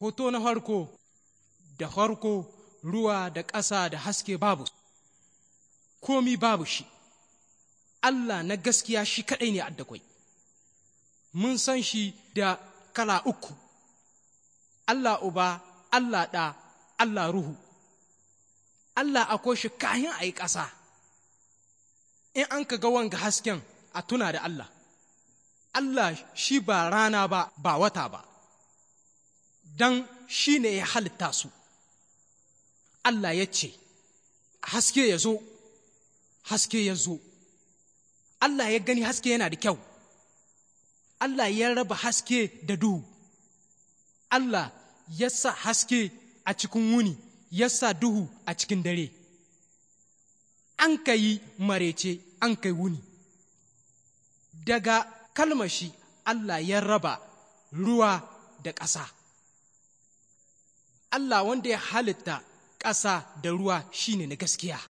hoto na harko da harko ruwa da ƙasa da haske babu komi babu shi Allah na gaskiya shi kaɗai ne addakwai mun san shi da kala uku Allah uba Allah ɗa Allah ruhu Allah akwai shi kayan a yi ƙasa in an ka ga wanga hasken a tuna da Allah Allah shi ba rana ba ba wata ba don shi ne ya halitta su Allah ya ce haske ya zo haske ya zo Allah ya gani haske yana da kyau Allah ya raba haske da duhu Allah ya sa haske a cikin wuni ya sa duhu a cikin dare an ka yi marece an kai wuni daga kalmashi Allah ya raba ruwa da ƙasa Allah wanda ya halitta ƙasa da ruwa shine na gaskiya